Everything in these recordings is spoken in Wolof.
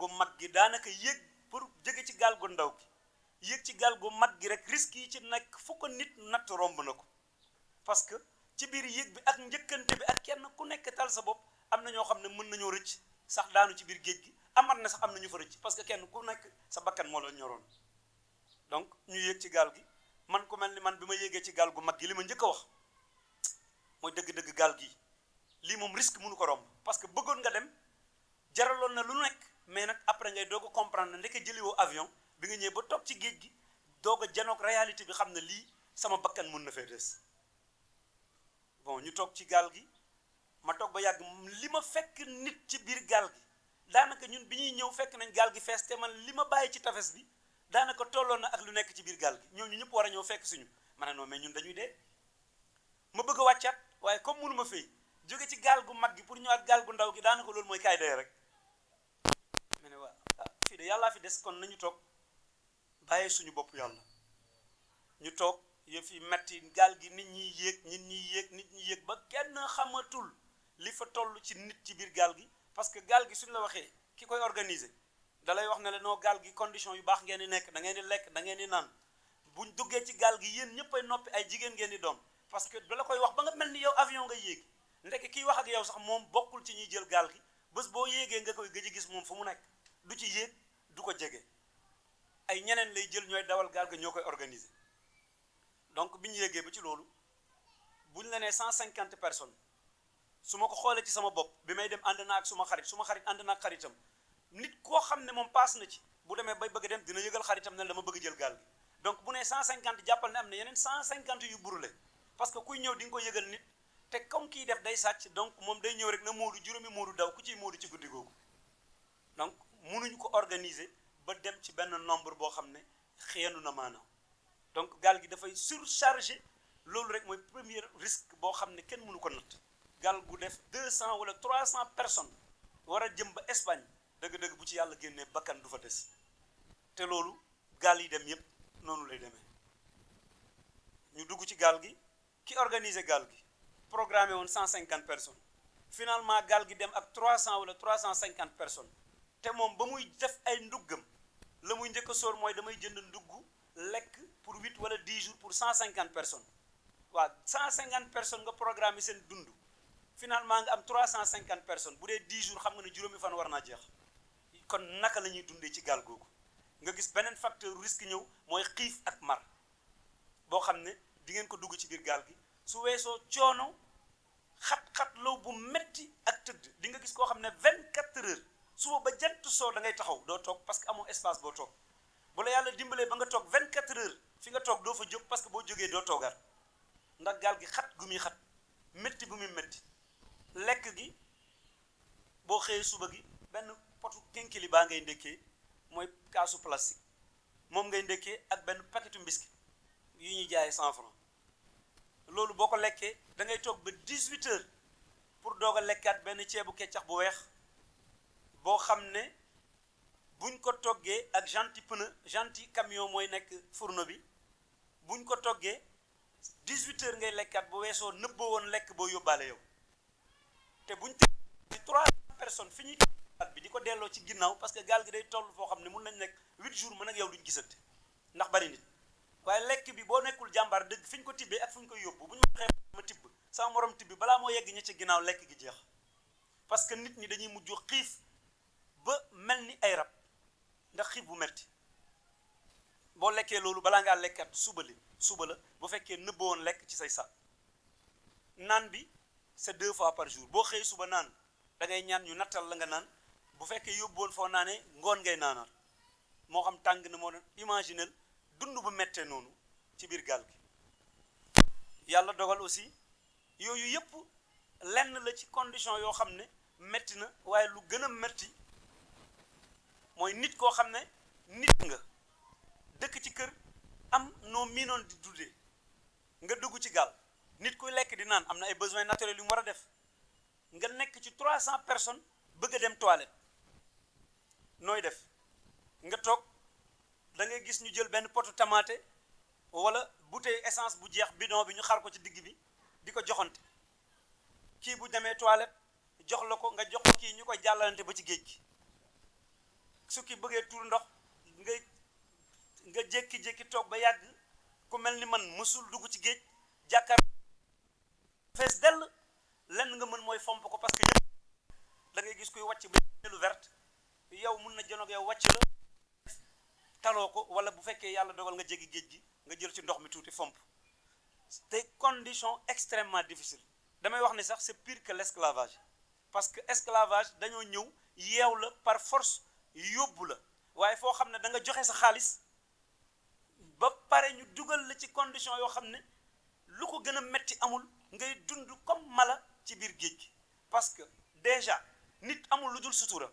gu mag gi danaka yeg pour jege ci gal gu ndaw gi yeg ci gal gu mag gi rek risque yi ci fuko nit nat romb nako parce que ci bir yeg bi ak ñeukante bi ak kenn ku nekk tal sa bop am ño xamne ne mën nañu rëcc sax daanu ci bir geej gi amat na sax am ñu fa rëcc parce que kenn ku nekk sa bakkan mo la ñoroon donc ñu yeg ci gal gi man ku melni man bima yegge ci gal gu mag gi lima ma wax moy deug deug gal gi li mom risque mënu ko romb parce que bëggoon nga dem jaralon na lu nekk mais nak après ngay dogo comprendre ndek jeli wo avion bi nga ñew ba tok ci geej gi dogo janok reality bi xamna li sama bakkan mën na fay dess bon ñu tok ci gal gi ma tok ba yag lima fekk nit ci bir gal gi danaka ñun biñuy ñew fekk nañ gal gi fess te man lima bayyi ci tafes bi danaka tollona ak lu nekk ci bir gal gi ñoo ñu ñep wara ñew fekk suñu mané non mais ñun dañuy dé ma bëgg waccat waye comme mënuma fey joge ci gal gu mag gi pour ñëwaat gal gu ndaw gi danaka lool moy kay day rek fii de yàllaa fi des kon nañu toog bàyyi suñu bopp yàlla ñu toog yëf yi metti gaal gi nit ñi yéeg nit ñi yéeg nit ñi yéeg ba kenn xamatul li fa tollu ci nit ci biir gaal gi parce que gaal gi suñu la waxee ki koy organiser da lay wax ne la noo gaal gi condition yu baax ngeen di nekk da ngeen di lekk da ngeen di naan buñ duggee ci gaal gi yéen ñëpp ay noppi ay jigéen ngeen di doom parce que da la koy wax ba nga mel ni yow avion nga yéegi ndekk kiy wax ak yow sax moom bokkul ci ñuy jël gaal gi bés boo yéegee nga koy gëj a gis moom fu mu nekk du ci yéeg du ko jege ay ñeneen lay jël ñooy dawal gaal gi ñoo koy organiser donc bi ñu yéegee ba ci loolu bu ñu la nee cent cinquante personnes su ma ko xoolee ci sama bopp bi may dem ànd naa ak suma xarit suma xarit ànd naa ak xaritam nit koo xam ne moom paas na ci bu demee bay bëgg dem dina yëgal xaritam na la ma bëgg jël gaal gi donc bu nee cent cinquante jàppal ne am na yeneen cent cinquante yu brûlé parce que kuy ñëw di nga ko yëgal nit te comme kiy def day sàcc donc moom day ñëw rek na moodu juróomi moodu daw ku ciy moodu ci guddi googu Nous ko organiser ba dem ci benn nombre boo xam ne xeyanu na donc gal gi dafay surchargé C'est rek premier risque boo xam ken kenn mënu ko 200 ou 300 personnes Il a jëm ba espagne dëgg-dëgg bu ci yàlla génnee bakkan du fa des nous loolu gaal yi dem yépp noonu lay demee ñu dugg ci gi ki organiser programmé 150 personnes finalement Galgi gi dem ak 300 ou 350 personnes te moom ba muy def ay nduggam la muy njëkk a sóor mooy damay jënd ndugg lekk pour huit wala dix jour pour cent cinquante personnes waa cent cinquante personnes nga programme yi seen dund finalement nga am trois cent cinquante personnes bu dee dix jours xam nga ne juróomi fan war naa jeex kon naka la ñuy dundee ci gaal googu nga gis beneen facteur risque ñëw mooy xiif ak mar boo xam ne di ngeen ko dugg ci biir gaal gi su weesoo coono xat-xat loo bu metti ak tëdd di nga gis koo xam ne vingt-quatre heures suba ba jant soo da ngay taxaw doo toog parce que amoo espace boo toog bu la yàlla dimbalee ba nga toog 24 heures fi nga toog doo fa jóg parce que boo jógee doo toogaat ndax gaal gi xat gu muy xat métti gu muy métti lekk gi boo xëyee suba gi benn potu kinkili baa ngay ndekkee mooy kaasu plastique moom ngay ndekkee ak benn paquetu mbiskit yu ñuy jaayee 100 francs loolu boo ko lekkee da ngay toog ba 18 heures pour doog a lekkaat benn ceebu keccax bu weex boo xam ne buñ ko toggee ak janti pneu janti camion mooy nekk fourneau bi buñ ko toggee 18 heures ngay lekkat bu weesoo nëbboo woon lekk boo yóbbaale yow te buñ ci trois personnes fi ñuy bi di ko delloo ci ginnaaw parce que gaal gi day toll foo xam ne mun nañ nekk 8 jours mën ak yow duñ gisante ndax bari nit waaye lekk bi boo nekkul jàmbaar dëgg fi ñu ko tibbee ak fu ñu koy yóbbu bu ñu waxee ma tibb sama morom tibbi balaa moo yegg ña ci ginnaaw lekk gi jeex parce que nit ñi dañuy mujj xiif ba mel ni ay rab ndax xiif bu metti boo lekkee loolu balaa ngaa lekkat suba li suba la bu fekkee nëbb woon lekk ci say sàq naan bi c'est deux fois par jour boo xëyee suba naan da ñaan ñu nattal la nga naan bu fekkee yóbbuwoon foo naanee ngoon ngay naanaat moo xam tàng na moo doon imaginel dund bu mettee noonu ci biir gaal gi yàlla dogal aussi yooyu yëpp lenn la ci condition yoo xam ne metti na waaye lu gën a metti mooy nit koo xam ne nit nga dëkk ci kër am noo miinoon di dundee nga dugg ci gaal nit kuy lekk di naan am na ay besoins naturel yu mu war a def nga nekk ci 300 personnes bëgg a dem toilet nooy def nga toog da ngay gis ñu jël benn potu tamaate wala bouteille essence bu jeex bidon bi ñu xar ko ci digg bi di ko joxante kii bu demee toilette jox la ko nga jox kii ñu koy jàllalante ba ci géej gi. sukki bëggee tuur ndox nga nga jékki-jékki toog ba yàgg ku mel ni man mësul dugg ci géej jàkkaar fees dell lenn nga mën mooy fomp ko parce que da ngay gis kuy wàcc ba lu verte yow mun na jënoog yow wàcc la taloo ko wala bu fekkee yàlla dogal nga jéggi géej gi nga jël ci ndox mi tuuti fomp te condition extrêmement difficile damay wax ni sax c'est pire que l'esclavage parce que esclavage dañoo ñëw yeew la par force yóbbu la waaye foo xam ne da nga joxe sa xaalis ba pare ñu dugal la ci condition yoo xam ne lu ko gën a metti amul ngay dund comme mala ci biir géej gi parce que déjà nit amul lu dul sutura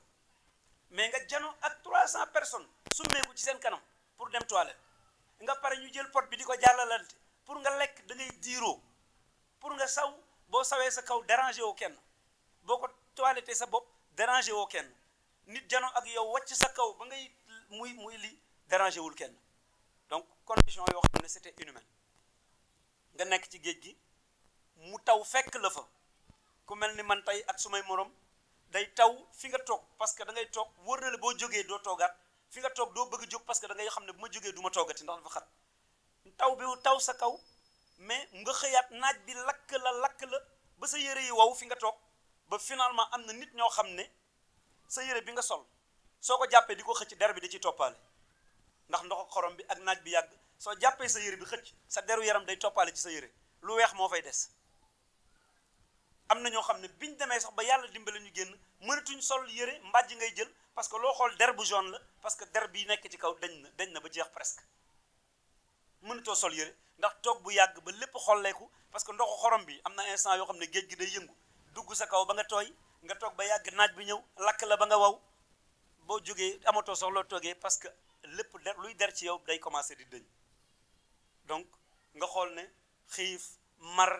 mais nga jano ak 300 personnes summeeku ci seen kanam pour dem toilette nga pare ñu jël pot bi di ko jàllalante pour nga lekk da ngay diiroo pour nga saw boo sawee sa kaw dérangé woo kenn boo ko toilettee sa bopp dérangé woo kenn nit janoo ak yow wàcc sa kaw ba ngay muy muy li dérangé wul kenn donc condition yoo xam ne c'était inhumaine nga nekk ci géej gi mu taw fekk la fa ku mel ni man tey ak su may morom day taw fi nga toog parce que da ngay toog wër na la boo jógee doo toogaat fi nga toog doo bëgg jóg parce que da ngay xam ne bu ma jógee duma ma toogati ndax dafa xat taw bi taw sa kaw mais nga xëyaat naaj bi lakk la lakk la ba sa yére yi wow fi nga toog ba finalement am na nit ñoo xam ne sa yere bi nga sol soko jappé diko di ko xëcc der bi da ciy nak ndax ndoxu xorom bi ak naaj bi yag so jappé sa yere bi xëc sa deru yaram day toppaale ci sa yere lu wéx mo fay dess amna ño xamné biñ démé sax ba yalla dimbalé ñu génn mënatuñ sol yere mbàjj ngay jël parce que lo xol der bu jaune la parce que der bi nekk ci kaw dañ na dañ na ba jeex presque sol yere ndax tok bu yag ba lépp xolleeku parce que ndoxu xorom bi amna instant yo xamné geej gi day yëngu dugg sa kaw ba nga toy nga toog ba yàgg naaj bi ñëw lakk la ba nga waw boo jógee amatoo soxla toogee parce que lépp der luy der ci yow day commencé di dëñ donc nga xool ne xiif mar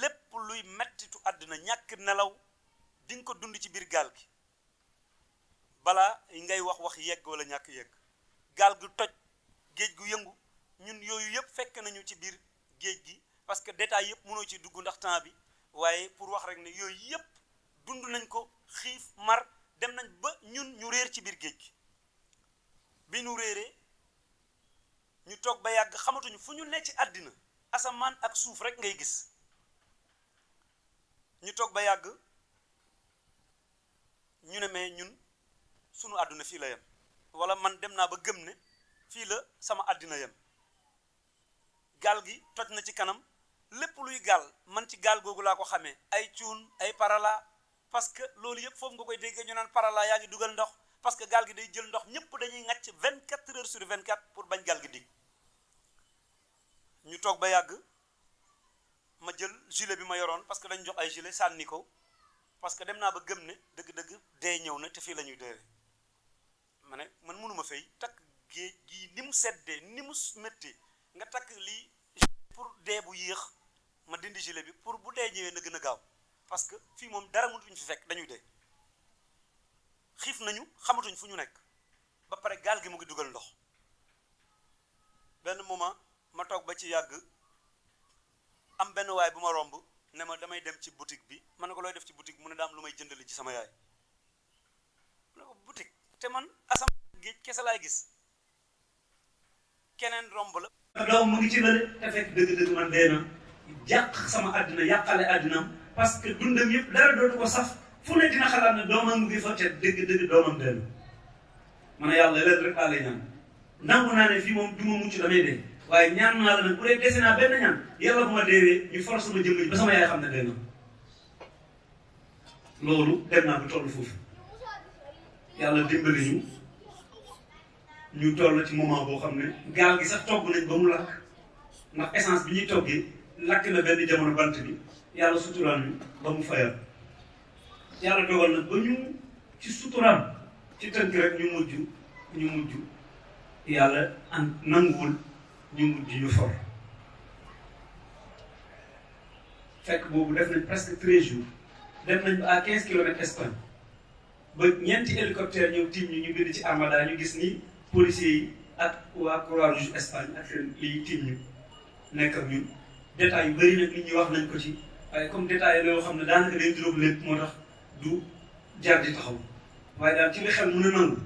lépp luy mettitu àdduna ñàkk nelaw di nga ko dund ci biir gaal gi balaa ngay wax wax yegg wala ñàkk yegg gaal gu toj géej gu yëngu ñun yooyu yëpp fekk nañu ci biir géej gi parce que détail yëpp mënoo ci dugg ndax temps bi waaye pour wax rek ne yooyu yep dund nañ ko xiif mar dem nañ ba ñun ñu réer ci biir géej bi ñu réeree ñu toog ba yàgg xamatuñu fu ñu ne ci àddina asamaan ak suuf rek ngay gis ñu toog ba yàgg ñu ne mais ñun sunu àdduna fii la yem wala man dem naa ba gëm ne fii la sama adina yem Galgi, gi toj na ci kanam lépp luy gaal man ci gaal googu laa ko xamee ay cuun ay parala parce que loolu yëpp foofu nga koy déggee ñu naan parala yaa ngi dugal ndox parce que gaal gi day jël ndox ñëpp dañuy ngàcc 24 heures sur 24 pour bañ gaal gi dig ñu toog ba yàgg ma jël gilet bi ma yoroon parce que dañ jox ay gilet sànni ko parce que dem naa ba gëm ne dëgg-dëgg dee ñëw na te fii la ñuy dee ma ne man mënuma fay takk géej gi ni mu seddee ni mu métti nga takk lii pour dee bu yéex ma dindi gilet bi pour bu dee ñëwee na gën a gaaw parce que fii moom dara mënut ñu fi fekk dañuy dee xiif nañu xamatuñ fu ñu nekk ba pare gaal gi mu ngi dugal ndox benn moment ma toog ba ci yàgg am benn waay bu ma romb ne ma damay dem ci boutique bi ma ne ko looy def ci boutique mu ne daam lu may jëndali ci sama yaay mu ne ko boutique te man asam géej kese laay gis keneen romb la. gaaw mu ngi ci lële te fekk dëgg-dëgg man dee na. yàq sama àddina yàqale àddinam parce que dundam yëpp dara dootu ko saf fu ne dina xalaat ne doomam ngi fa te dëgg dëgg doomam dellu ma ne yàlla leen rek laa ñaan nangu naa fii moom du ma mucc damay dee waaye ñaan naa la nag bu dee dese naa benn ñaan yàlla bu ma deewee ñu force sama jëmm xam na loolu dem naa bu toll ñu ñu toll ci moment boo xam ne gaal gi sax togg nañ ba mu lakk essence bi ñuy toggee lakk na benn jamono bant bi yàlla suturaan ñu ba mu fayal yàlla dogal na ba ñu ci suturaan ci tënk rek ñu mujj ñu mujj yàlla an nanguwul ñu mujj ñu for fekk boobu def nañ presque treize jours def nañ ba à quinze kilomètres Espagne ba ñeenti hélicoptère ñëw tiim ñu ñu bind ci armada ñu gis ni policiers yi ak waa croix Espagne ak seen lii ñu nekk ak détails yu bëri nag li ñuy wax nañ ko ci waaye comme détails la xam ne daanaka day juróom lépp moo tax du jaar di taxaw waaye daal ci li xel mën a nangu.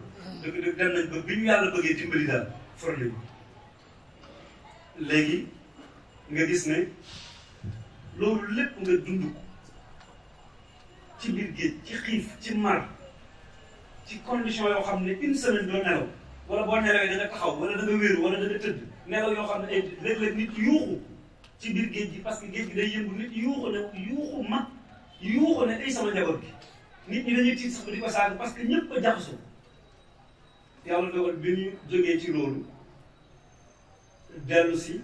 dëgg dem nañ ba bi ñu yàlla bëggee dimbali daal for nañu léegi nga gis ne loolu lépp nga dund ci biir géej ci xiif ci mar ci condition yoo xam ne une semaine doo nelaw wala boo nelawee da nga taxaw wala da wéeru wala da tëdd nelaw yoo xam ne ay léeg-léeg nit yuuxu ci biir géej gi parce que géej gi day yëngu nit yuuxu na yuuxu mag yuuxu na ay sama njaboot gi nit ñi dañuy tiit sax di ko saaga parce que ñëpp a jaxasoo yàlla dogal bi ñu jógee ci loolu dellu si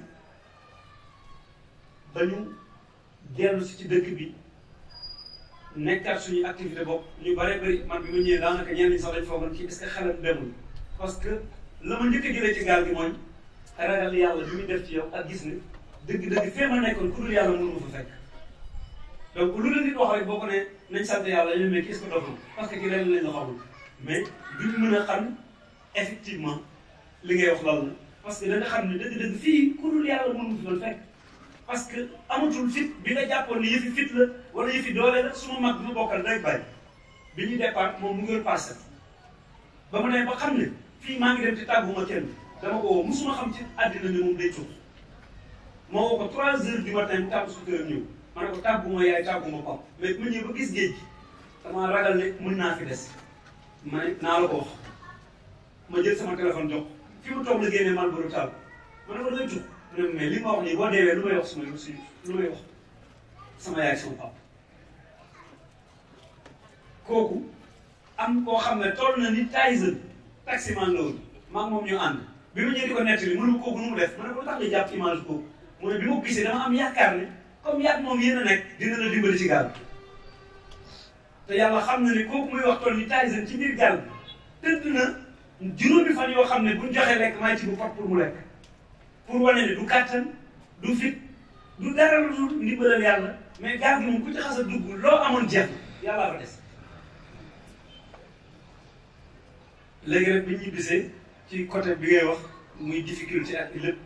ba ñu dellu si ci dëkk bi nekkaat suñu activité bopp ñu bare bari man bi ma ñëwee daanaka ñenn ñi sax dañ foogoon ci est-ce que xelam demul parce que la ma njëkk a ci gaal gi mooy ragal yàlla bi muy def ci yow ak gis ne dëgg-dëgg fee ma nekkoon ku dul yàlla mënu fa fekk donc lu la nit wax rek boo ne nañ sant yàlla ñu ne kii est-ce que dof na parce que kii lenn lañ la xamul mais a effectivement li ngay wax parce que da nga xam ne dëgg fii ku dul parce que amatul fit bi nga jàppoon ne yëfi fit la bi ñu départ moom mu ngi passé ne ba xam ne fii maa ngi dem ci tàgguma kenn dama ko woo musuma xam ci àddina ne moom day tuux moo woo ko 3 heures du matin mu tàggu suñu këram ñëw ma ne ko tàggu ma yaay tàggu ma pap mais bu ma ñëwee ba gis géej gi dama ragal ne mën naa fi des ma ne naa la ko wax ma jël sama téléphone jox fi mu toog la génnee mal bëri taal ma ne ko doy jóg mu mais li ma wax nii boo deewee lu may wax suma lu suñu lu may wax pap kooku am koo xam ne tol na ni Tyson taximan la woon maa ngi moom ñu ànd bi ma ñëwee di ko nettali mënu kooku nu mu def ma ne ko tax nga jàpp image kooku. mu ne bi ma gisee dama am yaakaar ne comme yàgg moom yéen a nekk dina la dimbali ci gaal te yàlla xam na ne kooku muy wax tool ci biir gaal bi tëdd na juróomi fan yoo xam ne buñ joxee lekk maa ci bu fat pour mu lekk pour wane ne du kàttan du fit du dara lu dul ndimbalal yàlla mais gaal gi moom ku ci xas a dugg loo amoon jeex yàllaa ba des bi ñuy bisee ci côté bi ngay wax mu difficulté ak lépp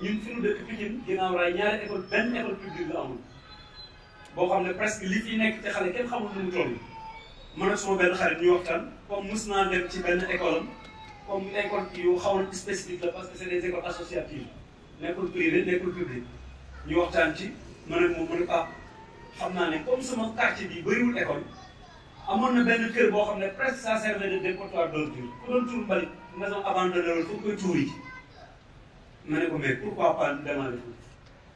ñun suñu dëkk Pikine ginnaaw raay ñaari école benn école publique la amul boo xam ne presque li fi nekk ci xale kenn xamul nu mu toll man ak sama benn xarit ñu waxtaan comme mus naa dem ci benn école am comme école yu xawoon spécifique la parce que c'est des écoles associatives nekkul privé nekkul publique ñu waxtaan ci man ak moom man ak xam naa ne comme sama quartier bi bëriwul école amoon na benn kër boo xam ne presque ça servait de dépotoir d'ordures ku doon tuur mbalit maison abandonnée la foofu koy tuur yi ma ne ko mais pourquoi pas demander foofu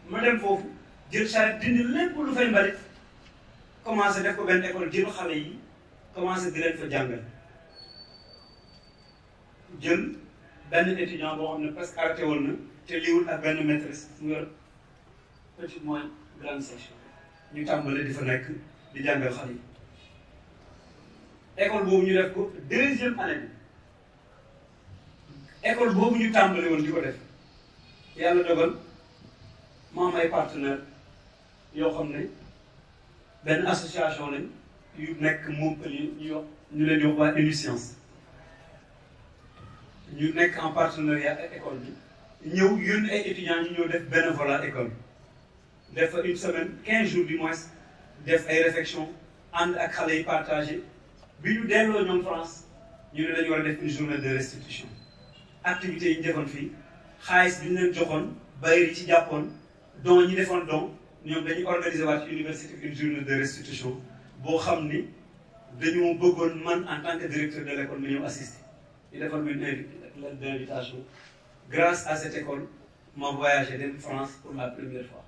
ma dem foofu jël charette dindi lépp lu fay mbalit commencé def ko benn école jël xale yi commencé di leen fa jàngal jël benn étudiant boo xam ne presque arrêté woon na te liwul ak benn maîtresse mu yor petit moyen grande section ñu tàmbale di fa nekk di jàngal xale yi école boobu ñu def ko deuxième année bi école boobu ñu tàmbale woon di ko def yalla dogal ma am ay partenaire yoo xam ne benn association lañ yu nekk Montpellier ñu wax ñu leen di wax waa ñu nekk en partenariat ak école bi ñëw yónni ay étudiants ñu ñëw def bénévolat école def fa une semaine quinze jours du mois def ay réflexion ànd ak xale yi partagé bi ñu delloo ñoom France ñu ne dañu war a def une journée de restitution activité yi ñu defoon fii xaalis bi ñu leen joxoon bayri ci jàppoon don ñi defoon don ñoom dañuy organiser waat ci université une journée de restitution boo xam ni dañoo bëggoon man en tant que directeur de l' école ma ñëw assister ñu defoon ma une lettre invitation grâce à cette école ma voyagé dem France pour la première fois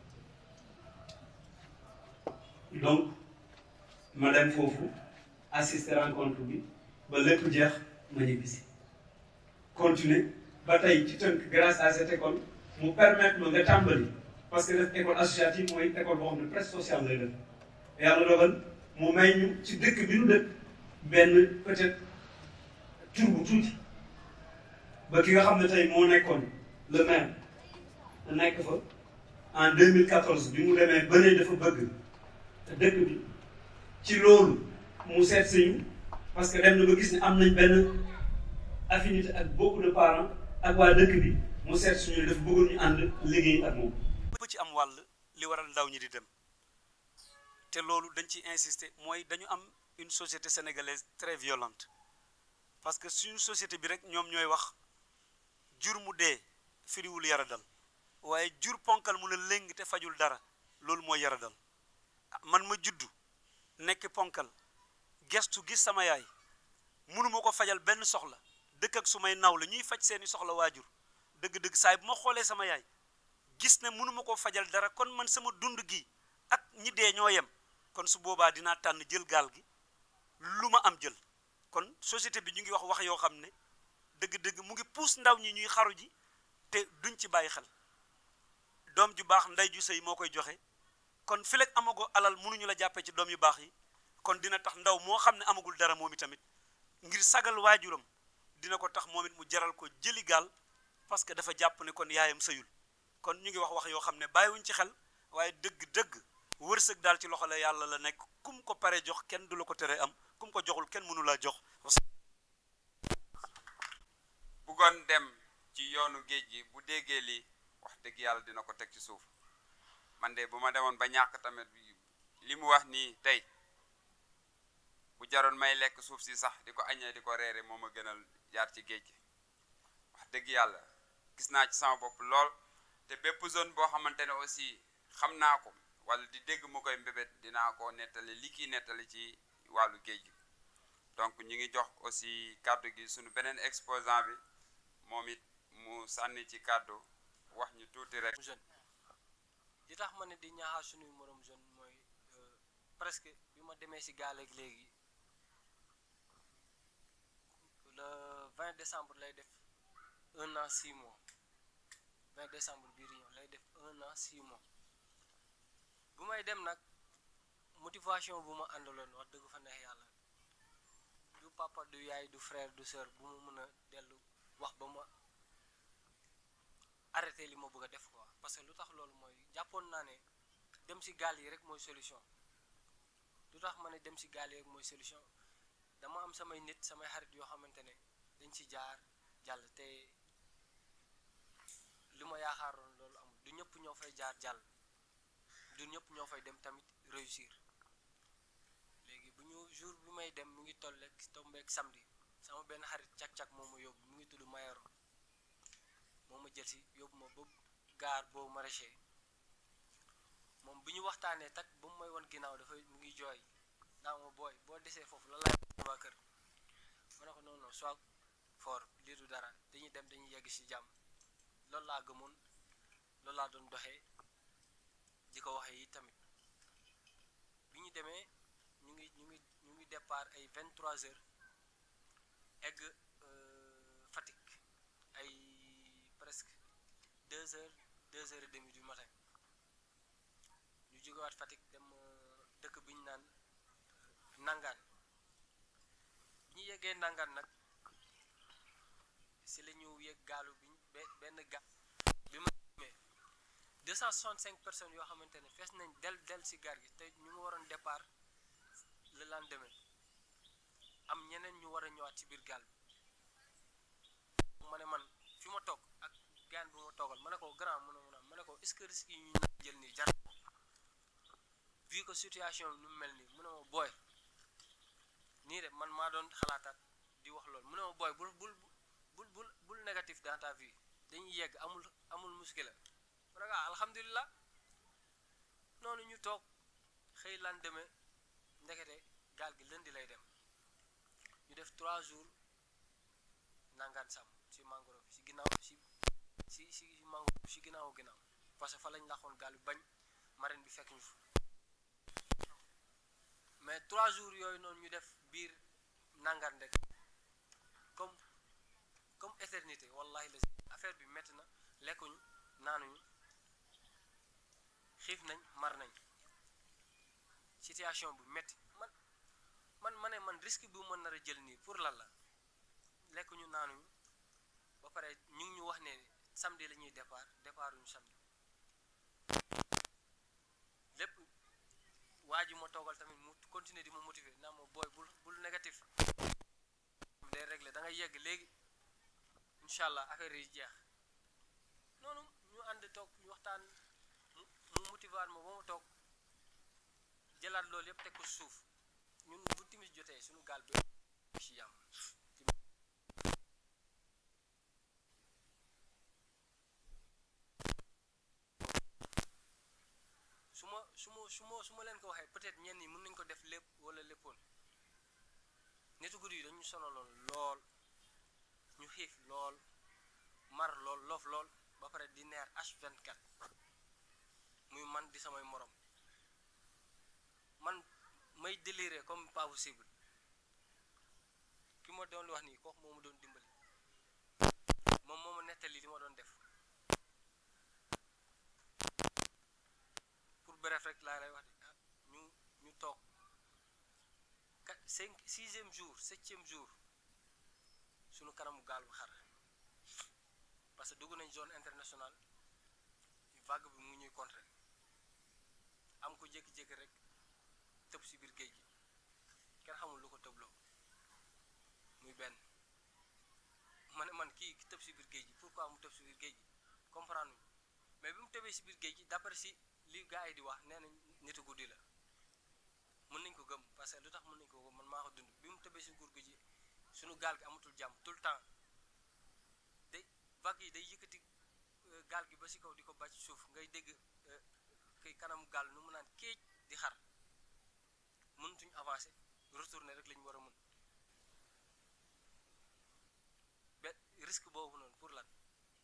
donc ma dem foofu assister rencontre bi ba lépp jeex ma ñibbisi continuer ba tey ci tënk grâce à cette école mu permettre ma nga tàmbali parce que def école associative mooy école boo xam ne presse sociale lay def yàlla dogal mu may ñu ci dëkk bi ñu dëkk benn peut-être tur bu tuuti ba ki nga xam ne tey moo nekkoon le maire nekk fa en 2014 bi mu demee ba ne dafa bëgg dëkk bi ci loolu mu seet sañu parce que dem na ba gis ne am nañ benn affinité ak beaucoup de parents ak waa dëkk bi mu seet suñu dafa bëggoon ànd liggéey ak moom. ci am wàll li waral ndaw ñi di dem te loolu dañ ci insisté mooy dañu am une société sénégalaise très violente parce que suñu société bi rek ñoom ñooy wax jur mu dee firiwul yara dal waaye jur ponkal mu la léng te fajul dara loolu mooy yara dal ah, man ma juddu nekk ponkal gestu gis sama yaay mënuma ko fajal benn soxla dekk ak sumay naw la ñuy faj seeni soxla waajur dëgg-dëgg saay bu ma xoolee sama yaay gis ne ko fajal dara kon man sama dund gi ak ñi dee ñoo yem kon su boobaa dinaa tànn jël gaal gi lu am jël kon société bi ñu ngi wax wax yoo xam ne dëgg-dëgg mu ngi puus ndaw ñi ñuy xaru ji te duñ ci bàyyi xel doom ju baax nday ju sëy moo koy joxe kon filek amogo alal mënuñu la jàppee ci doom yu baax yi kon dina tax ndaw moo xam ne amagul dara moom tamit ngir sagal waajuram dina ko tax moom it mu jaral ko jëli gaal parce que dafa jàpp ne kon yaayam sëyul kon ñu ngi wax wax yoo xam ne bàyyiwuñ ci xel waaye dëgg-dëgg wërsëg daal ci loxo la yàlla la nekk kum ko pare jox kenn du la ko tere am kum ko joxul kenn mënu laa jox. bëggoon dem ci yoonu géej gi bu déggee lii wax dëgg yàlla dina ko teg ci suuf man de bu ma demoon ba ñàkk tamit li mu wax nii tey bu jaroon may lekk suuf si sax di ko aññee di ko reere moo ma gënal. jaar ci géej gi wax dëgg yàlla gis naa ci sama bopp lool te bépp zone boo xamante ne aussi xam naa ko wala di dégg mu koy mbébét dinaa ko nettali li kii nettali ci wàllu géej gi donc ñu ngi jox aussi kàddu gi suñu beneen exposant bi moom it mu sànni ci kàddu wax ñu tuuti rek jeune li tax ma ne di ñaaxaar suñuy morom jeune mooy euh, presque bi ma demee si gaal léegi 20 décembre lay def un an six mois 20 décembre bii di ñëw lay def un an six mois bu may dem nag motivation bu ma àndaloon wax dëgg fa neex yàlla du papa du yaay du frère du sœur bu ma mën delu. dellu wax ba ma arrêté li ma bëgg a def quoi parce que lu tax loolu mooy jàppoon naa ne dem si gaal yi rek mooy solution lu tax dem si gaal yi rek mooy solution dama am samay nit samay xarit yoo xamante dañ ci jaar jàll te li ma yaakaaroon loolu amul du ñëpp ñoo fay jaar jàll du ñëpp ñoo fay dem tamit réussir léegi bu ñu jour bi may dem mu ngi tolleeg tombeeg samedi sama benn xarit cag-cag moo ma yóbbu mu ngi tudd Mayoro moo ma jël si yóbbu ma ba gaar boobu maraîcher moom bi ñu waxtaanee tak ba mu may woon ginnaaw dafay mu ngi jooy naa ma booy boo desee foofu la laay waa kër ma ne ko non non soit effort lii du dara dañuy dem dañuy yegg ci jàmm loolu laa gëmoon loolu laa doon doxee di ko waxee yi tamit bi ñu demee ñu ngi ñu ngi ñu ngi départ ay 23 heures egg euh, Fatick ay presque 2 heures 2 heures et demie du matin ñu jógewaat Fatick dem euh, dëkk bi ñu naan euh, nangaan bi ñu yeggee nangaan nag. si la ñu yëg gaalu bi benn gaal bi ma demee 265 personnes yoo xamante ne fees nañ del del si gaar gi te ñu ngi waroon départ le lendemain am ñeneen ñu war a ñëwaat ci biir gaal bi ma ne man fi ma toog ak gaan bi ma toogal ma ne ko grand mun a mun ma ne ko est-ce que risque yi ñu jël nii jar vu que situation bi mel nii mu ne ma booy nii de man maa doon xalaataat di wax lool mu ne ma booy bul bul bul bul bul négatif dans ta vie dañuy yegg amul amul muskila mu ne ko alhamdulilah noonu ñu toog xëy lan deme ndekete gaal gi lëndi lay dem ñu def trois jours nangaan sàmm si mangrove si ginnaaw si si si si ginnaaw ginnaaw parce que fa lañ laxoon gaal bi bañ marine bi fekk ñu fa mais trois jours yooyu noonu ñu def biir nangaan ndek comme éternité wallahi la affaire bi métti na lekkuñu naanuñu xiif nañ mar nañ situation bu metti man man ma ne man risque bu mën nar a jël nii pour lan la lekkuñu naanuñu ba pare ñu ngi ñu wax ne samdi la ñuy départ départ uñu lépp waa ji ma toogal tamit mu continuer di ma motiver naa ma booy bul bul négatif dangay régler yegg léegi inshallah affaire yi jeex noonu ñu ànd toog ñu waxtaan mu motivaat ma ba ma toog jëlaat loolu yëpp teg ko suuf ñun bu timis jotee suñu gaal bi ci yam suma suma suma suma leen ko waxee peut-être ñenn yi mën nañ ko def lépp wala léppoon nitu guddi dañu sonaloon lool ñu xiif lool mar lool loof lool ba pare di neer H24 muy man di samay moroom man may délirer comme pas possible ki ma doon li wax nii kooku moo ma doon dimbali moom moo ma nettali li ma doon def pour bref rek laa lay wax ah, ñu ñu toog cinq sixième jour septième jour suñu kanamu gaalu bu xar parce que dugg nañ zone internationale vague bi mu ñuy contrer am ko jékki-jékki rek tëb si biir géej gi kenn xamul lu ko tëbloo muy benn ma ne man kii tëb si biir géej gi pourquoi mu tëb si biir géej gi comprendre ñu mais bi mu tëbee ci biir géej gi d'après si li gars yi di wax nee nañ nitu guddi la mën nañ ko gëm parce que lu tax mën nañ ko gëm man maa ko dund bi mu tëbee si nguur gi ji suñu gaal gi amatul jàmm tout le temps day vagues yi day yëkkati gaal gi ba eh, si kaw di ko bàcc suuf ngay dégg kay eh, kanam gaal nu mu naan kéej di xar mëntuñ avancer retourner rek lañ war a mën ba risque boobu noonu pour lan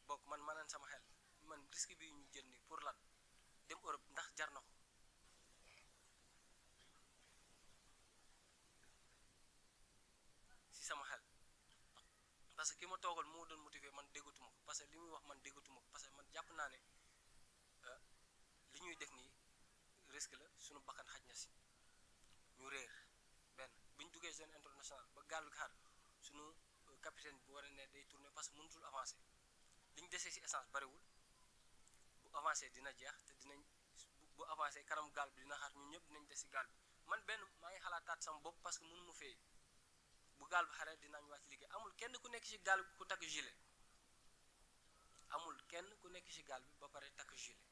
bokk man manan sama xel man risque bi ñu jël ni pour lan dem Europe ndax jar na ko li ma toogal moo doon motivé man déggatuma ko parce que li muy wax man déggatuma ko parce que man jàpp naa ne euh, li ñuy def nii risque la suñu bakkan xaj na si ñu réer benn bi ñu duggee zone internationale ba gaal xaar suñu euh, capitaine bi war a ne day tourner parce que mënutul avancer li ñu desee si essence bariwul bu avancer dina jeex te dinañ bu avancer kanam gaal bi dina xaar ñun ñëpp dinañ des si gaal bi man benn maa ngi xalaataat sama bopp parce que mënu ma fee. bu gaal bu xare dinañ wàcc liggéey amul kenn ku nekk ci gaal bi ku takk gilet amul kenn ku nekk ci gaal bi ba pare takk gilet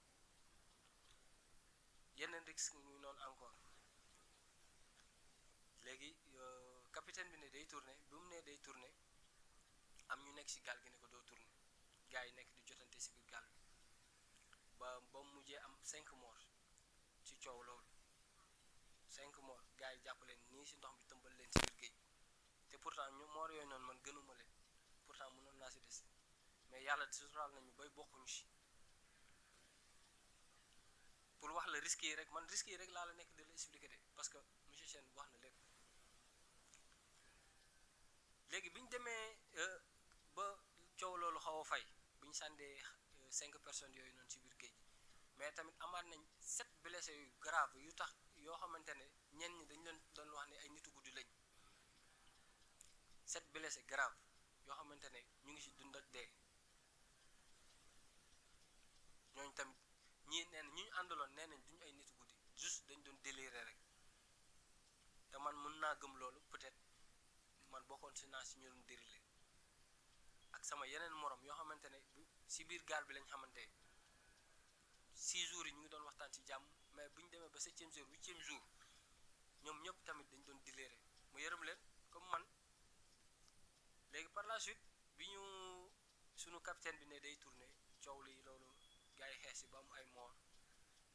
yeneen risque ñu noonu encore léegi euh, capitaine bi ne day tourné bi mu ne day tourné am ñu nekk ci gaal gi ne ko doo tourne gars yi nekk di jotante si biir gaal bi ba ba mujjee am cinq morts ci coow loolu cinq morts gars yi jàpp leen nii ci ndox mi tëmbal leen ci biir géej te pourtant ñu moor yooyu noonu man gënuma leen pourtant mënoon naa si des mais yàlla suturaal nañu bay bokkuñu si pour wax la risques yi rek man risques yi rek laa la nekk di la expliquer de parce que monsieur seen wax na lépp léegi bi ñu demee euh, ba coow loolu xaw a fay bi ñu sàndee euh, cinq personnes yooyu noonu si biir géej mais tamit amaat nañ sept blessés yu yu tax yoo xamante ne ñenn ñi dañu leen doon wax ne ay nitu sept blessés grave yoo xamante ne ñu ngi ci dund ak dee ñooñ tamit ñii neen na ñu ñu àndaloon nee nañ duñu ay nit guddi juste dañu doon déliré rek te man mën naa gëm loolu peut-être man bokkoon si naa si ñu doon déliré ak sama yeneen morom yoo xamante ne si biir gaal bi lañ xamante six jours yi ñu ngi doon waxtaan ci jàmm mais bu demee ba septième jour huitième jour ñoom ñëpp tamit dañ doon déliré mu yërëm leen. léegi par la suite bi ñu sunu capitaine bi ne day tourné coow li loolu gars yi xeex si ba mu ay moor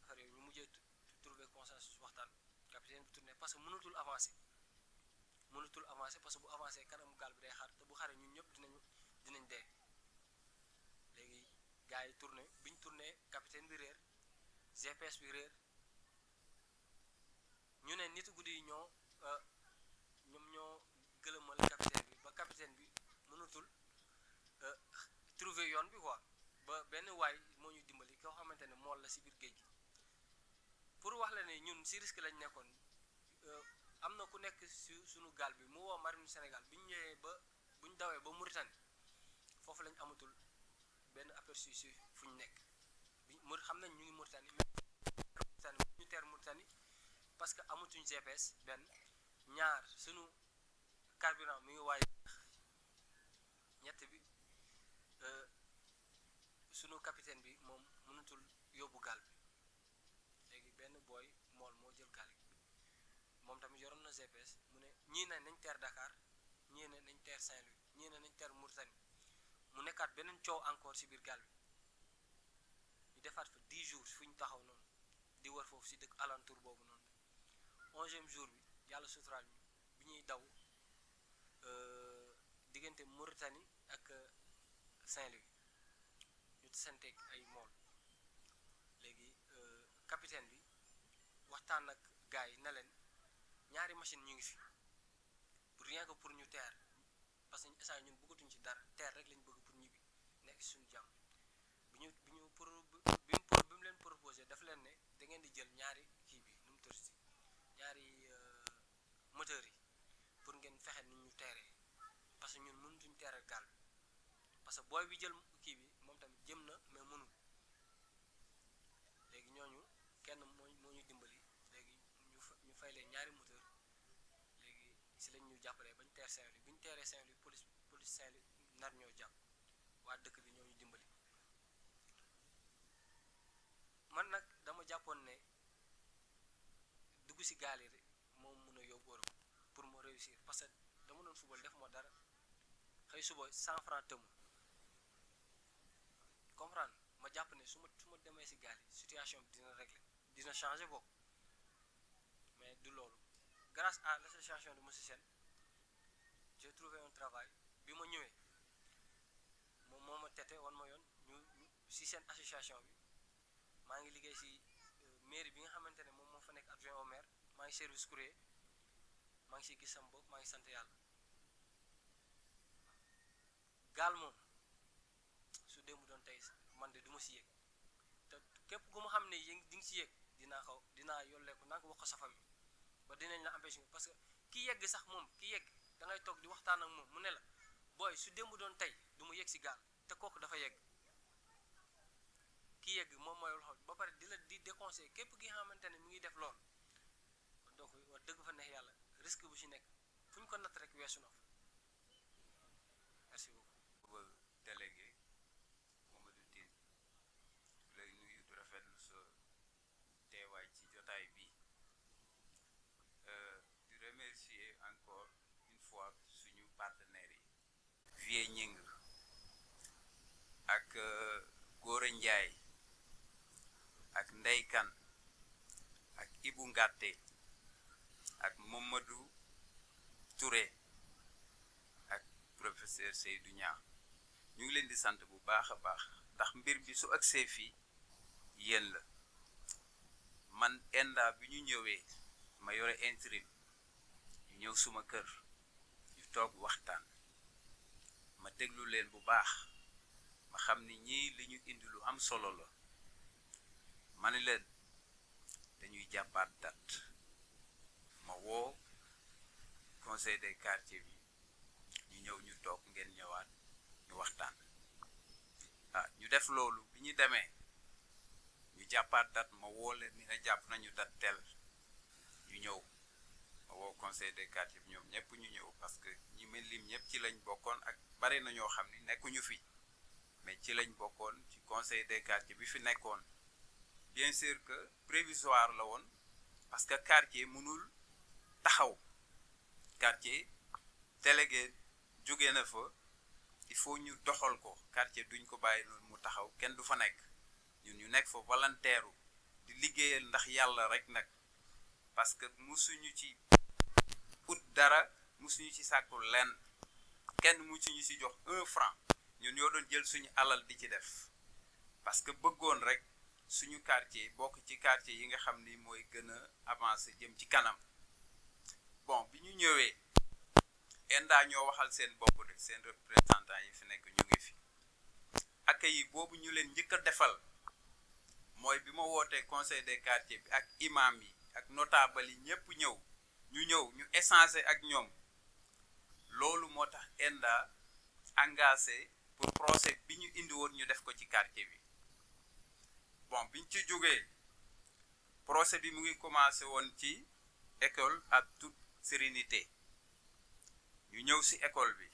affaire yooyu bu mujjee trouver consensus waxtaan capitaine bi tourné parce que mënatul avancé mënatul avancé parce que bu avancé kanamu gaal bi day xar te bu xare ñu ñëpp dinañu dinañ dee léegi gars yi tournée bi ñu tourné capitaine bi réer GPS bi réer ñu ne nit guddi yi ñoo euh, ñoom ñoo gëlëmal capitaine bi ba capitaine bi trouvé yoon bi quoi ba benn waay moo ñu dimbali koo xamante ne mool la si biir géej gi pour wax la ne ñun si risque lañ nekkoon euh, am na ku nekk si suñu gaal bi mu woo marine Sénégal bi ñu ñëwee ba buñ ñu dawee ba Mauritanie foofu lañ amatul benn aperçu si fu ñu nekk bi mu xam nañ ñu ngi Mauritanie mais ñu teer Mauritanie parce que amatuñ GPS benn ñaar suñu carburant mi ngi waay ñett bi sunu capitaine bi moom mënatul yóbbu gaal bi léegi benn booy mool moo jël gaal bi moom tamit yoroon na GPS mu ne ñii ne nañ teer dakaar ñii ne nañ teer Saint-Louis ñii ne nañ teer Mauritanie mu nekkaat beneen coow encore ci biir gaal bi ñu defaat fa 10 jours fu ñu taxaw noonu di war foofu ci dëkk alentour boobu noonu onzième jour bi yàlla suturaal bi bi ñuy daw euh, diggante Mauritanie ak euh, Saint-Louis santeeg ay mool léegi euh, capitaine bi waxtaan ak gaay na leen ñaari machine ñu ngi fi rien que pour ñu teer parce que instant ñun bëggatuñ ci dara teer rek lañ bëgg pour ñibbi nekk suñu jàmm bi ñu bi ñu pour bi mu bi mu leen proposé daf leen ne da ngeen di jël ñaari kii bi nu mu tërsi ñaari euh, moteur yi pour ngeen fexe ni ñu teeree parce que ñun mënutuñ teeral gaal parce que booy bi jël jëm na mais mënul léegi ñooñu kenn moo moo ñu dimbali léegi ñu fa ñu fay leen ñaari moteur léegi si lañ ñu jàppalee bañ teer Saint-Louis bi ñu teeree Saint-Louis police police saint nar ñoo jàpp waa dëkk bi ñoo ñu dimbali man nag dama jàppoon ne dugg si gaal moom mun a yóbbu Europe pour moo réussir parce que dama doon football def moo dara xëy suba 100 francs tëmu comprendre ma jàpp ne su ma su ma demee si gaal yi situation bi dina régler dina changé bopp mais du loolu grace à l'association de monsieur Sène j'ai trouvé un travail bi ma ñëwee moom moo ma tete wan ma yoon ñu si seen association bi maa ngi liggéey si euh, maire bi nga xamante ne moom moo fa nekk adjoint au maa ngi service courrier maa ngi siy gis sama bopp maa ngi sant yàlla gaal moom tey man de du ma si te képp ku ma xam ne yéen di nga si yëg dinaa xaw dinaa yolleeku naa ko wax ko sa famille ba dinañ la empêché parce que ki yegg sax moom ki yegg da ngay toog di waxtaan ak moom mu ne la booy su démb doon tey du mu yegg si gaal te kooku dafa yegg ki yegg moom mooy loxo ba pare di la di déconser képp ki xamante ne mu ngi def lool donc wax dëgg fa neex yàlla risque bu si nekk fu ñu ko natt rek weesu na fa Vieux Nying ak eh, Gore njay ak Ndey Kan ak Ibu Ngatte ak Mamadou Touré ak professeur Seydou nia ñu ngi leen di sant bu baaxa baax ndax mbir bi su agsee fi yeen la man enda bi ñu ñëwee ma yore intérim ñëw suma kër ñu toog waxtaan ma déglu leen bu baax ma xam ni ñii li ñu indi lu am solo la ma ni leen dañuy jàppaat date ma woo conseil des quartiers bi ñu ñëw ñu toog ngeen ñëwaan ñu waxtaan ah ñu def loolu bi ñu demee ñu jàppaat date ma woo leen ni na jàpp nañu date tel ñu ñëw woo conseil des quartiers ñoom ñëpp ñu ñëw parce que ñi mel lim ñëpp ci lañ bokkoon ak bari na ñoo xam ni nekkuñu fi mais ci lañ bokkoon ci conseil des quartiers bi fi nekkoon bien sûr que prévisoire la woon parce que quartier mënul taxaw quartier délégué jóge na fa il faut ñu doxal ko quartier duñ ko bàyyi noonu mu taxaw kenn du fa nekk ñun ñu nekk fa volontaire di liggéeyal ndax yàlla rek nag parce que musuñu ci dara musuñu ci sàkkul lenn kenn mu ci jox un franc ñun ñoo doon jël suñu alal di ci def parce que bëggoon rek suñu quartier bokk ci quartier yi nga xam ni mooy gën a avancé jëm ci kanam bon bi ñu ñëwee ENDA ñoo waxal seen bopp de seen représentant yi fi nekk ñu ngi fi accueil boobu ñu leen njëkk a defal mooy bi ma wootee conseil des quartiers bi ak imam yi ak notable yi ñëpp ñëw ñu ñëw ñu échanger ak ñoom loolu moo tax ENDA engagé pour projet bi ñu indi woon ñu def ko ci quartier bi bon biñ ci jógee projet bi mu ngi commencé woon ci école ak toute sérénité ñu ñëw si école bi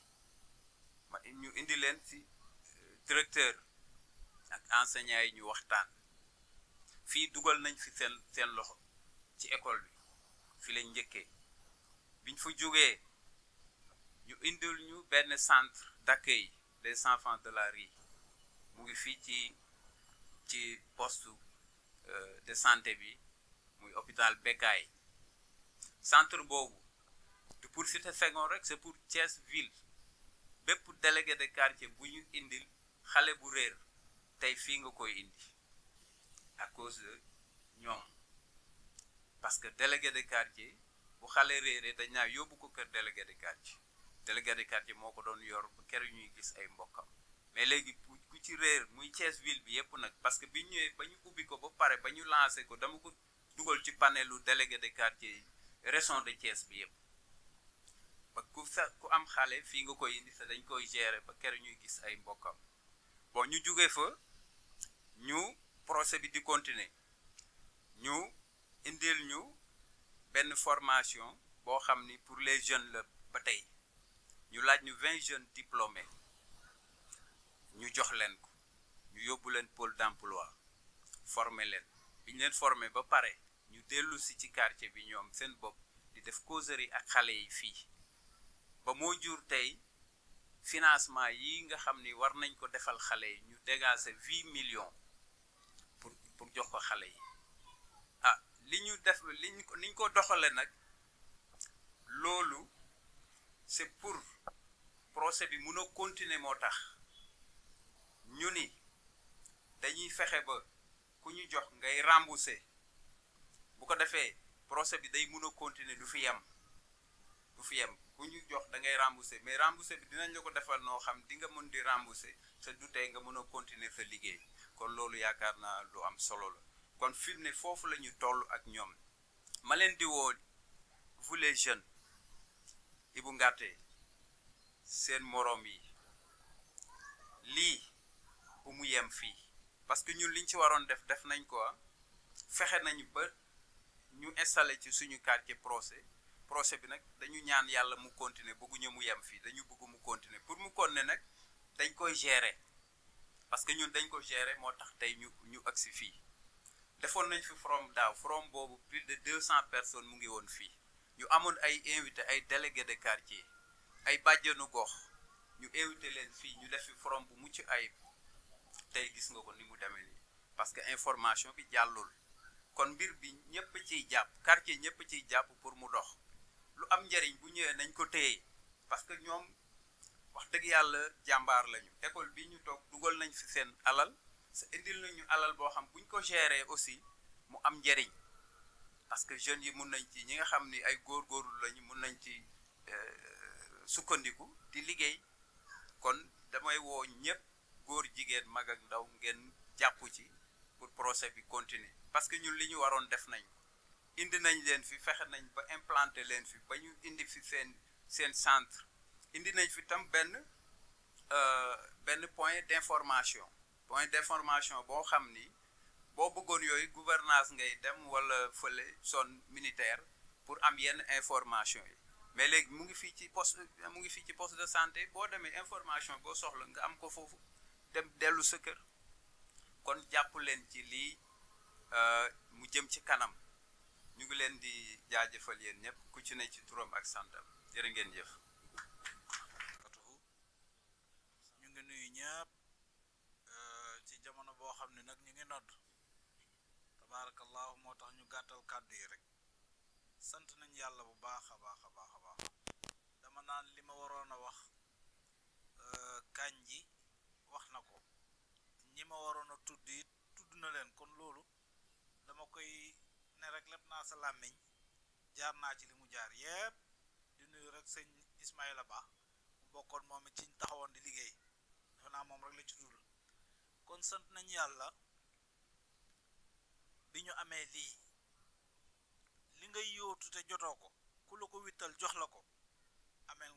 ma ñu indi leen si euh, directeur ak enseignants yi ñu waxtaan fii dugal nañ fi seen seen loxo ci école bi fi lañ njëkkee biñ fa jógee ñu indil ñu benn centre d'accueil des enfants de la rue mu ngi fii ci ci poste euh, de santé bi muy hôpital Bekkaay centre boobu du pour Cité Senghor rek c'est pour Thiès ville bépp délégué de quartier bu ñu indil xale bu réer tey fii nga koy indi à cause de ñoom parce que délégué de quartier bu xale réeree dañ naa yóbbu ko kër délégué de quartier délégué de quartier moo ko doon yor ba kër ñuy gis ay mbokkam mais léegi ku ci réer muy Thiès ville bi yépp nag parce que bi ñëwee ba ñu ubbi ko ba pare ba ñu lancé ko dama ko dugal ci panelu délégué de quartier région de Thiès bi yépp ba ku sa ku am xale fii nga koy indi sa dañ koy gérer ba kër ñuy gis ay mbokkam bon ñu jógee fa ñu procès bi di continuer ñu Nous avons une formation pour les jeunes la ba jeunes diplômés ñu jox leen ko ñu pôle d'emploi former leen formons. ñu leen former ba pare ñu dellu Nous ci quartier bi ñoom seen bopp di def causerie ak xale yi ba moo jur tey financement yi nga millions pour pour jox ko ah li ñu def li ñu ko ni ñu ko doxalee nag loolu c'est pour procès bi mun a continuer moo tax ñu ni dañuy fexe ba ku ñu jox ngay rembourser bu ko defee procès bi day mun a continuer du fi yem du fi yem ku ñu jox da ngay rembourser mais rembourser bi dinañ la ko defal noo xam di nga mën di rembourser sa du nga mën a continuer sa liggéey kon loolu yaakaar naa lu am solo la. kon film ne foofu la ñu toll ak ñoom ma leen di woo vous les jeunes Ibou Ngaté seen moroom yi lii bu mu yem fii parce que ñun liñ ci waroon def def nañ ko ah. fexe nañu ba ñu installé ci suñu quartier procès procès bi nag dañu ñaan yàlla mu continuer bëgguñu mu yem fii dañu bëgg mu continuer pour mu ne nag dañ koy gere parce que ñun dañ ko gérer moo tax tey ñu ñu agsi fii defoon nañu fi forom daaw forom boobu plus de deux 200 personnes mu ngi woon fii ñu amoon ay invité ay délégué de quartier ay bàjjenu gox ñu invité leen fii ñu def fi forom bu mucc ayib tey gis nga ko ni mu demee nii parce que information bi jàllul kon mbir bi ñëpp ciy jàpp quartier ñëpp ciy jàpp pour mu dox lu am njariñ bu ñëwee nañ ko téye parce que ñoom wax dëgg yàlla jàmbaar lañu école bi ñu toog dugal nañ fi seen alal. sa indil nañu alal boo xam buñ ko gérer aussi mu am njëriñ parce que jeunes yi mun nañ ci ñi nga xam ni ay góor góorgóorlu lañu mun nañ ci euh, sukkandiku di liggéey kon damay woo ñëpp góor jigéen mag ak ndaw ngeen jàppu ci pour projet bi continuer parce que ñun li ñu waroon def nañ indi nañ leen fi fexe nañ ba implanter leen fi ba ñu indi fi seen seen centre indi nañ fi tam benn euh, benn point d'information point d'information boo xam ni boo bëggoon yooyu gouvernance ngay dem wala fële zone militaire pour am yenn information yi mais léegi mu ngi fii ci poste mu ngi fii ci poste de santé boo demee information boo soxla nga am ko foofu dem dellu sa kër kon jàpp leen ci lii euh, mu jëm ci kanam ñu ngi leen di jaajëfal yéen ñëpp ku ci ne ci turam ak santam jërë ngeen jëf. ñu ngi nuyu ñëpp. nodd tabaarakallaahu moo tax ñu gàttal kàddu yi rek sant nañ yàlla bu baax a baax a baax a baax dama naan li ma waroon a wax euh, kañ ji wax na ko ñi ma waroon a tudd it tudd na leen kon loolu dama koy ne rek lépp naa sa làmmiñ jaar naa ci li mu jaar yépp di nuyu rek sëñ Ismaïla Ba mu bokkoon moom it ci taxawoon di liggéey dafa naa moom rek la ci tudd kon sant nañ yàlla biñu ñu amee lii li ngay yóotu te jotoo ko ku la ko jox la ko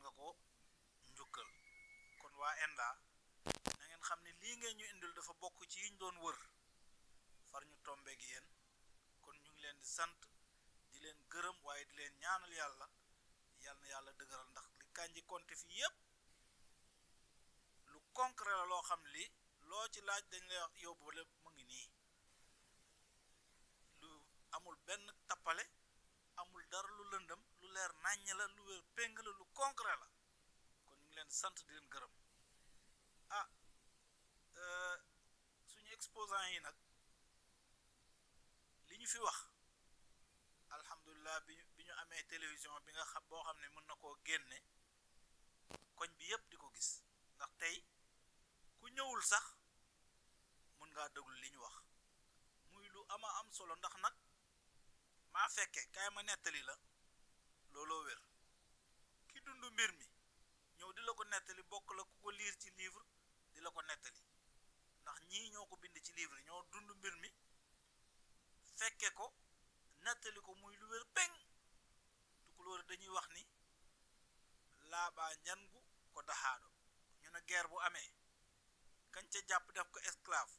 nga ko njukkal kon waa enda na ngeen xam ne lii ngeen ñu indil dafa bokk ci yiñ doon wër far ñu tombeeg yéen kon ñu ngi leen di sant di leen gërëm waaye di leen ñaanal yàlla yàlla na yàlla dëgëral ndax li kànji fi yépp lu concret la loo xam li loo ci laaj dañ le mu ngi nii amul benn tappale amul dara lu lëndëm lu leer nàññ la lu wér péng la lu concret la kon ñu ngi leen sant di leen gërëm ah euh, suñu exposant yi nag li ñu fi wax alhamdulilah bi bi ñu amee télévision bi nga xam boo xam ne mën na koo génne koñ bi yépp di ko gis ndax tey ku ñëwul sax mën ngaa déglu li ñu wax muy lu ama am solo ndax nag maa fekke kaay ma nettali la looloo wér ki dund mbir mi ñëw di la ko nettali bokk la ku ko liir ci livre di la ko nettali ndax ñii ñoo ko bind ci livre ñoo dund mbir mi fekke ko nettali ko muy lu wér peng tukulóor dañuy wax ni njangu ko daxaado ñu ne guerre bu amee kañ ca jàpp def ko esclave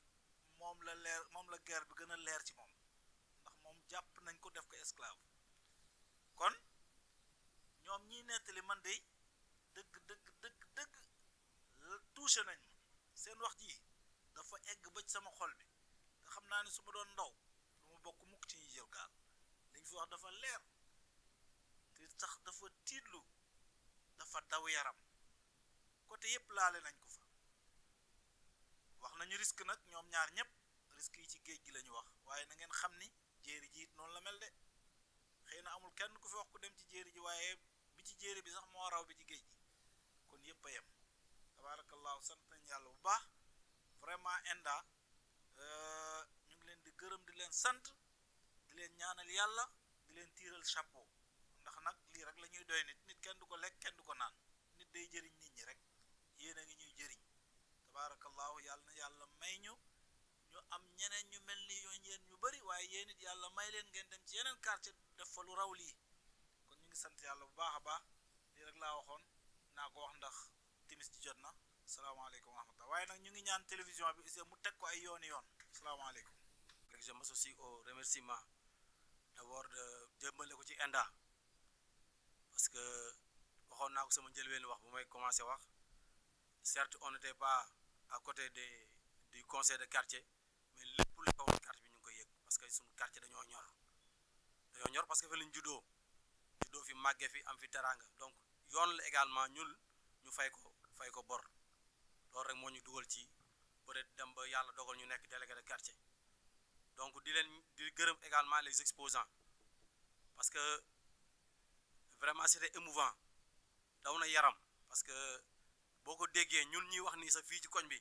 moom la leer moom la guerre bi gën a leer ci moom jàpp nañ ko def ko esclave kon ñoom ñiy nettali man de dëgg dëgg dëgg dëgg touché nañ ma seen wax ji dafa egg ba sama xol bi nga xam naa ni su ma doon ndaw lu ma bokk mukk ci ñuy liñ fi wax dafa leer te sax dafa tiitlu dafa daw yaram côté yépp laale nañ ko fa wax nañu risque nag ñoom ñaar ñépp risque yi ci géej gi lañu wax waaye na ngeen xam ni jéeri ji it noonu la mel de xëy na amul kenn ku fi wax ku dem ci jéeri ji waaye bi ci jéeri bi sax moo raw bi ci géej gi kon yëpp a yem tabaarakallaahu sant nañ yàlla bu baax vraiment inda euh, ñu ngi leen di gërëm di leen sant di leen ñaanal yàlla di leen tiiral chapeau ndax nag lii rek lañuy doy nit nit kenn du ko lekk kenn du ko naan nit day jëriñ nit ñi rek yéen a ngi ñuy jëriñ tabaarakallaahu yàlla na yàlla may ñu am ñeneen ñu mel ni yoon yéen ñu bari waaye yéen it yàlla may leen ngeen dem ci yeneen quartier def fa lu raw lii kon ñu ngi sant yàlla bu baax a baax lii rek laa waxoon naa ko wax ndax timis ji jot na salaamaaleykum wa rahmatulah waaye nag ñu ngi ñaan télévision bi aussi mu teg ko ay yooni yoon salaamaaleykum je m'associe au remerciement d'abord de jëmbale ko ci enda parce que waxoon naa ko sama njëlbeen wax bu may commencé wax certes on était pas à côté des, du conseil de quartier mais lépp lu xewoon quartier bi ñu ngi koy yëg parce que suñu quartier dañoo ñor dañoo ñor parce que fa lañ juddoo juddoo fi màgge fi am fi teraanga donc yoon la également ñun ñu fay ko fay ko bor loolu rek moo ñu dugal ci peut-être dem ba yàlla dogal ñu nekk délégué de quartier donc di leen di gërëm également les exposants parce que vraiment c'était émouvant daw na yaram parce que boo ko déggee ñun ñuy wax nii sax fii ci koñ bi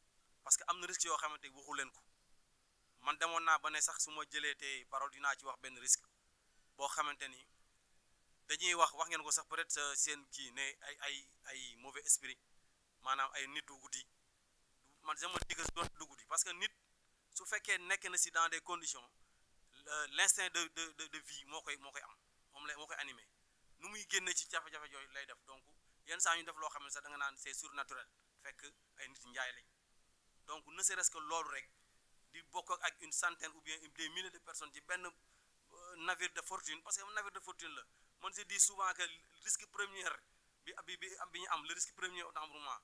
parce que am na risque yoo xamante ni waxu leen ko man demoon naa ba ne sax su ma jëlee te parole dinaa ci wax benn risque boo xamante ni dañuy wax wax ngeen ko sax peut-être euh, seen kii ne ay ay ay mauvais esprit maanaam ay nit du man je me dis que parce que nit su fekkee nekk na si dans des conditions l'instinct de de de de vie moo koy moo koy am moom la moo koy animé nu muy génne ci jafe-jafe yooyu lay def donc yenn saa ñu def loo xam ne sax da nga naan c'est surnaturel fekk ay nit njaay lañ. donc ne serait-ce loolu rek di bokk ak une centaine ou bien des milliers de personnes ci benn euh, navire de fortune parce que navire de fortune la man je di souvent que risque premier bi bi bi bi ñu am le risque premier autant pour moi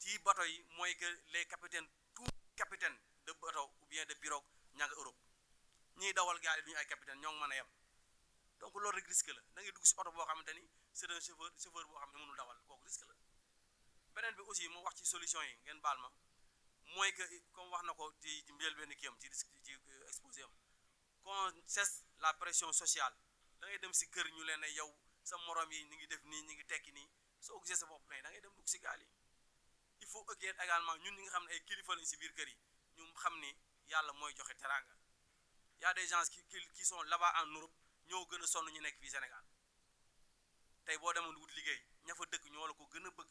ci bateau yi mooy que les capitaines tous capitaines de bateau ou bien de pirogue ña nga Europe ñiy dawal gaal yi du ay capitaine ñoo mën a yem donc loolu rek risque la da ngay dugg si oto boo xamante ni c'est un chauffeur chauffeur boo xam ne mënul dawal kooku risque la beneen bi aussi moo wax ci solution yi ngeen baal ma. mooy que comme wax na ko ci mbëlbéen kii am ci ci exposé am qu'on cesse la pression sociale da ngay dem si kër ñu leen ne yow sa morom yi ñu ngi def nii ñu ngi tekki nii soo gisee sa bopp na da ngay dem dugg si gaal yi il faut ëggee également ñun ñi nga xam ne ay kilifa lañ si biir kër yi ñu xam ni yàlla mooy joxe teraanga y a des gens qui qui sont là-bas en Europe ñoo gën a sonn ñu nekk fii Sénégal tey boo demoon wut liggéey ña fa dëkk ñoo la ko gën a bëgg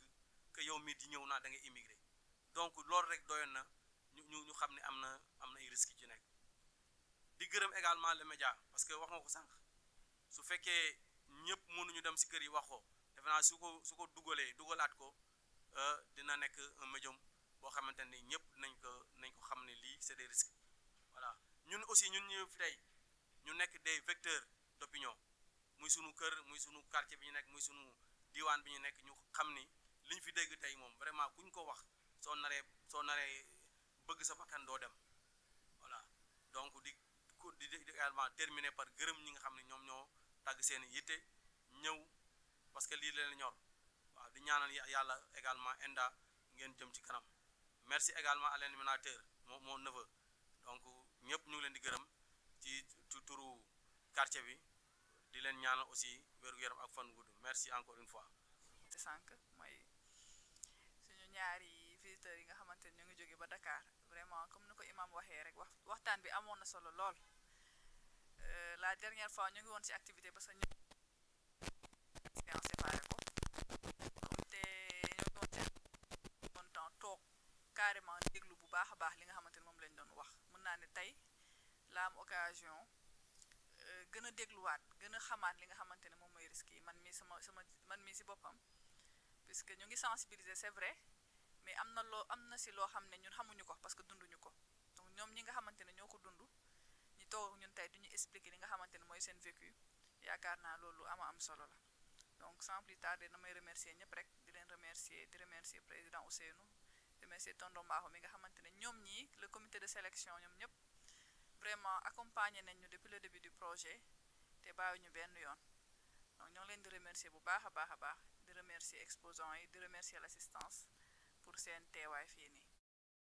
que yow mii di ñëw naa da ngay donc loolu rek doyoon na ñu ñu ñu xam ne am na am na ay risques ci nekk di gërëm également le média parce que wax nga ko sànq su fekkee ñëpp mënuñu dem si kër yi wax ko defe naa su ko su ko dugalee dugalaat ko euh, dina nekk un médium boo xamante ni ñëpp nañ ko nañ ko xam ne lii c'est des risques voilà ñun aussi ñun ñu fi tey ñu nekk des vecteurs d'opinion muy sunu kër muy sunu quartier bi ñu nekk muy sunu diwaan bi ñu nekk ñu xam ni li fi dégg tey moom vraiment kuñ ko wax. soo naree soo naree bëgg sa bakkan doo dem voilà donc di ku di également terminer par gërëm ñi nga xam ne ñoom ñoo tàgg seen yitte ñëw parce que lii leen ñor waaw di ñaanal yàlla également inda ngeen jëm ci kanam merci également à l'animateur moo moo neveu donc ñëpp ñu ngi leen di gërëm ci turu quartier bi di leen ñaanal aussi wér yaram ak fan gudd merci encore une fois te sànq mooy ñaari auditeurs yi nga xamante ni ñu ngi jóge ba Dakar vraiment comme ni ko imam waxee rek wax waxtaan bi amoon na solo lool eh, la dernière fois ñu ngi woon ci activité parce que ñu séance séparé ko comme te ñu ngi woon ci bon temps toog carrément déglu bu baax a baax li nga xamante moom lañ doon wax mën naa ne tey la am occasion eh, gën a dégluwaat gën a xamaat li nga xamante ne moom mooy risque yi man sama sama man si boppam puisque ñu ngi sensibiliser c'est vrai mais am na loo parce que dunduñu ko donc ñi nga vécu donc sans plus tarder remercier ñëpp rek di leen remercier président Ousseynou remercier Tondo Mbaaxu mi Nous, le comité de sélection ñoom vraiment accompagné depuis le début du projet te benn yoon donc ñoo remercier bu a remercier exposants remercier l'assistance. pour seen teewaay fii nii